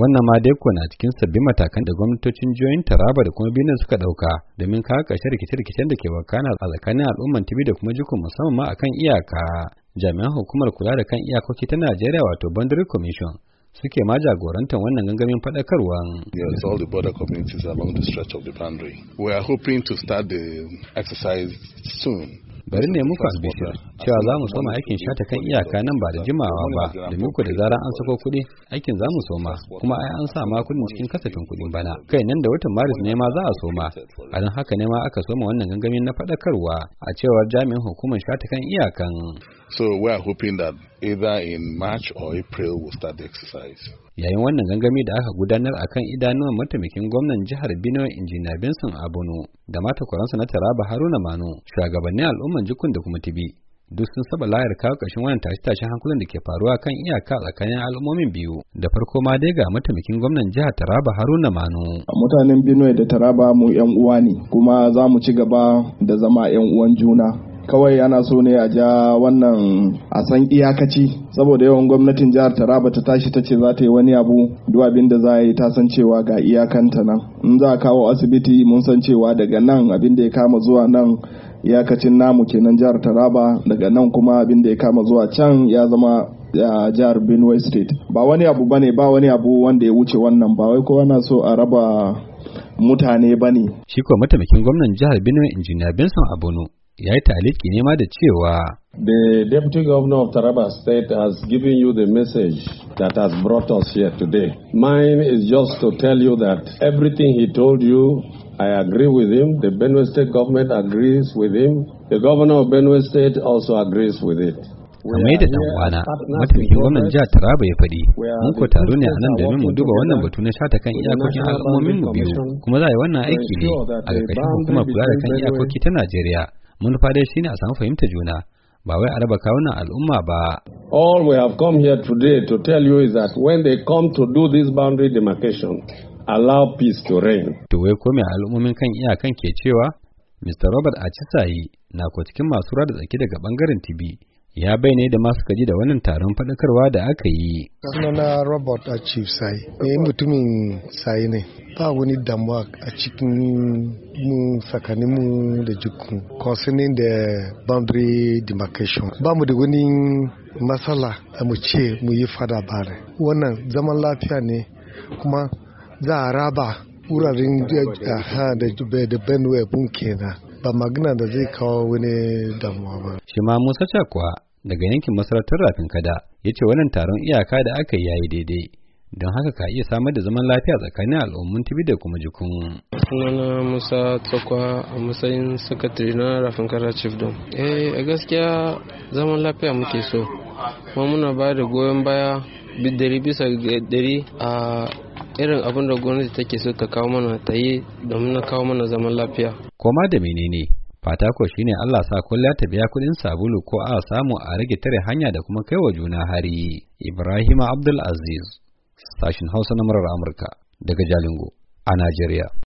wannan ma dai na cikin sabbin matakan da gwamnatocin jihohin Taraba da kuma Benin suka dauka domin kawo ƙarshen rikice-rikicen da ke wakana a tsakanin al'umman Tibi da kuma jikun musamman ma akan iyaka jami'an hukumar kula da kan iyakoki ta Najeriya wato Boundary Commission suke ma jagorantar wannan gangamin faɗakarwa. Yes, all the border communities along the stretch of the boundary. We are hoping to start the exercise soon. bari ne muku albishir cewa za mu soma aikin shata kan iyaka nan ba da jimawa ba da muku da zara an sako kuɗi aikin za mu soma kuma ai an sa ma kuɗin cikin kasafin kuɗin bana kai nan da watan maris ne ma za a soma a don haka ne ma aka soma wannan gangamin na faɗakarwa a cewar jami'in hukumar shata kan iyakan. So we are hoping that either in March or April we'll start the exercise. yayin wannan gangami da aka gudanar a kan idanuwan mataimakin gwamnan jihar Benue injiniya Benson Abono da mata kwaransa na Taraba Haruna Mano shugabannin al'umman jikun da kuma Tibi duk sun saba layar kawo ƙarshen wannan tashe-tashen hankulan da ke faruwa kan iyaka tsakanin al'ummomin biyu da farko ma dai ga mataimakin gwamnan jihar Taraba Haruna Mano. Mutanen Benue da Taraba mu 'yan uwa ne kuma za mu ci gaba da zama 'yan uwan juna kawai ana so ne a ja wannan a san iyakaci saboda yawan gwamnatin jihar taraba ta tashi ta ce za ta yi wani abu duk abin da za a yi ta san cewa ga iyakanta nan in za a kawo asibiti mun san cewa daga nan abin da ya kama zuwa nan iyakacin namu kenan jihar taraba daga nan kuma abin da ya kama zuwa can ya zama a jihar benue state ba wani abu bane ba wani abu wanda ya wuce wannan ba wai kowa na so a raba mutane ba ne. Shi kuwa mataimakin gwamnan jihar Benue injiniya Benson Abono ya yi taliki nema da cewa The Deputy Governor of Taraba State has given you the message that has brought us here today. Mine is just to tell you that everything he told you, I agree with him. The Benue State government agrees with him. The Governor of Benue State also agrees with it. kamar yadda ɗan kwana, mataimakin gwamnan jihar Taraba ya faɗi mun ko taro ne a nan domin mu duba wannan batu na shata kan iyakokin al'ummomin mu biyu kuma za a yi wannan aiki ne a ƙarƙashin hukumar kula da kan iyakoki ta Najeriya manufa shi ne a samu fahimta juna ba wai a raba kawunan al'umma ba. All we have come here today to tell you is that when they come to do this boundary demarcation, allow peace to reign. To wai kome al'ummomin kan iyakan ke cewa Mr. Robert Achisayi na ko cikin masu da tsaki daga bangaren Tibi ya bayyana da masu kaji da wannan taron faɗakarwa da aka yi. Sunana Robert a Chief Sai, ne eh, mutumin Sai ne, ba wani damuwa a cikin mu tsakanin mu da jikin concerning da boundary demarcation. Ba mu da wani matsala a mu ce mu yi fada bare. Wannan zaman lafiya ne kuma za a raba wuraren da Benue Bunke na. ba magana da zai kawo wani damuwa ba. Shi ma Musa Cakwa daga yankin masarautar rafin kada ya ce wannan taron iyaka da aka yi yayi daidai don haka ka iya samar da zaman lafiya tsakanin al'ummun tibi da kuma jikun. sunana musa tsakwa a matsayin sakatare na rafin kada chief don eh, a gaskiya zaman lafiya muke so kuma muna ba da goyon baya dari bisa dari a irin abin da gwamnati take so ta kawo mana ta yi domin na kawo mana zaman lafiya koma da menene fata ko shine Allah sa kulla ta biya kuɗin sabulu ko a samu a rage tare hanya da kuma kai wa juna hari Ibrahim Abdul Aziz sashin Hausa na murar Amurka daga Jalingo a Najeriya